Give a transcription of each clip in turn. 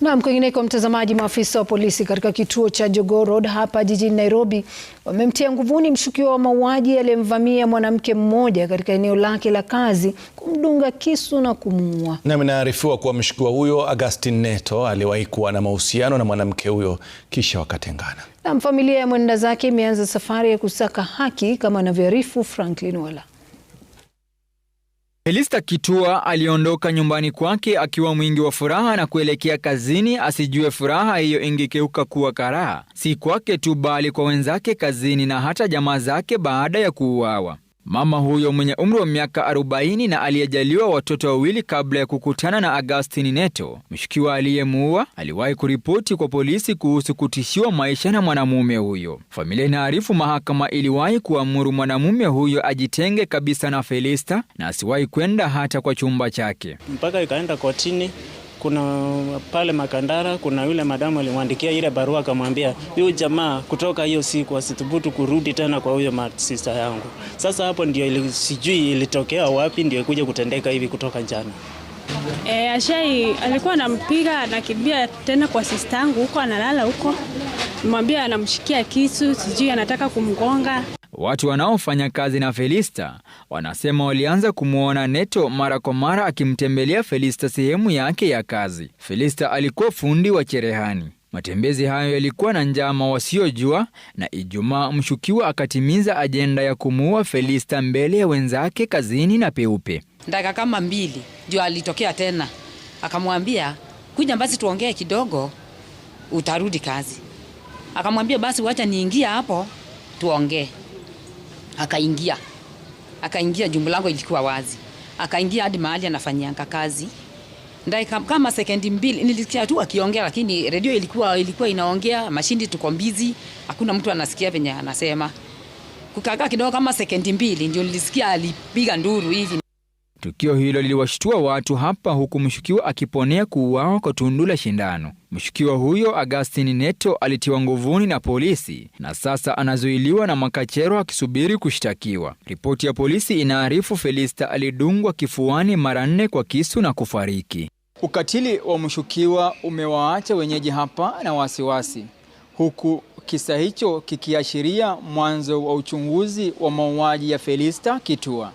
Naam, kwingineko mtazamaji, maafisa wa polisi katika kituo cha Jogoo Road hapa jijini Nairobi wamemtia nguvuni mshukiwa wa mauaji aliyemvamia mwanamke mmoja katika eneo lake la kazi, kumdunga kisu na kumuua. Naam, inaarifiwa kuwa mshukiwa huyo Augustine Neto aliwahi kuwa na mahusiano na mwanamke huyo kisha wakatengana. Naam, familia ya mwenda zake imeanza safari ya kusaka haki kama anavyoarifu Franklin Wala. Elista Kitua aliondoka nyumbani kwake akiwa mwingi wa furaha na kuelekea kazini, asijue furaha hiyo ingekeuka kuwa karaha, si kwake tu bali kwa wenzake kazini na hata jamaa zake baada ya kuuawa. Mama huyo mwenye umri wa miaka 40 na aliyejaliwa watoto wawili kabla ya kukutana na Agustin Neto, mshukiwa aliyemuua, aliwahi kuripoti kwa polisi kuhusu kutishiwa maisha na mwanamume huyo. Familia inaarifu mahakama iliwahi kuamuru mwanamume huyo ajitenge kabisa na Felista na asiwahi kwenda hata kwa chumba chake mpaka ikaenda kotini kuna pale Makandara, kuna yule madamu alimwandikia ile barua akamwambia, huyu jamaa kutoka hiyo siku asithubutu kurudi tena kwa huyo masista yangu. Sasa hapo ndio ili, sijui ilitokea wapi ndio ikuja kutendeka hivi kutoka jana. E, Ashai alikuwa anampiga anakimbia tena kwa sista yangu huko, analala huko, mwambia anamshikia kisu, sijui anataka kumgonga Watu wanaofanya kazi na Felista wanasema walianza kumwona Neto mara kwa mara akimtembelea Felista sehemu yake ya kazi. Felista alikuwa fundi wa cherehani. Matembezi hayo yalikuwa na njama wasiojua, na Ijumaa mshukiwa akatimiza ajenda ya kumuua Felista mbele ya wenzake kazini na Peupe. Dakika kama mbili ndio alitokea tena, akamwambia kuja basi tuongee kidogo, utarudi kazi. Akamwambia basi wacha niingia hapo tuongee akaingia akaingia juu lango ilikuwa wazi, akaingia hadi mahali anafanyianga kazi. ndai kama sekendi mbili nilisikia tu akiongea, lakini redio ilikuwa ilikuwa inaongea mashindi, tuko mbizi, hakuna mtu anasikia venye anasema. Kukaka kidogo kama sekendi mbili, ndio nilisikia alipiga nduru hivi. Tukio hilo liliwashtua watu hapa, huku mshukiwa akiponea kuuawa kwa tundu la shindano. Mshukiwa huyo Agustin Neto alitiwa nguvuni na polisi na sasa anazuiliwa na Makachero akisubiri kushtakiwa. Ripoti ya polisi inaarifu Felista alidungwa kifuani mara nne kwa kisu na kufariki. Ukatili wa mshukiwa umewaacha wenyeji hapa na wasiwasi wasi, huku kisa hicho kikiashiria mwanzo wa uchunguzi wa mauaji ya Felista Kitua.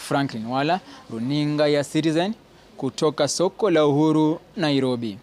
Franklin Wala, runinga ya Citizen kutoka soko la Uhuru, Nairobi.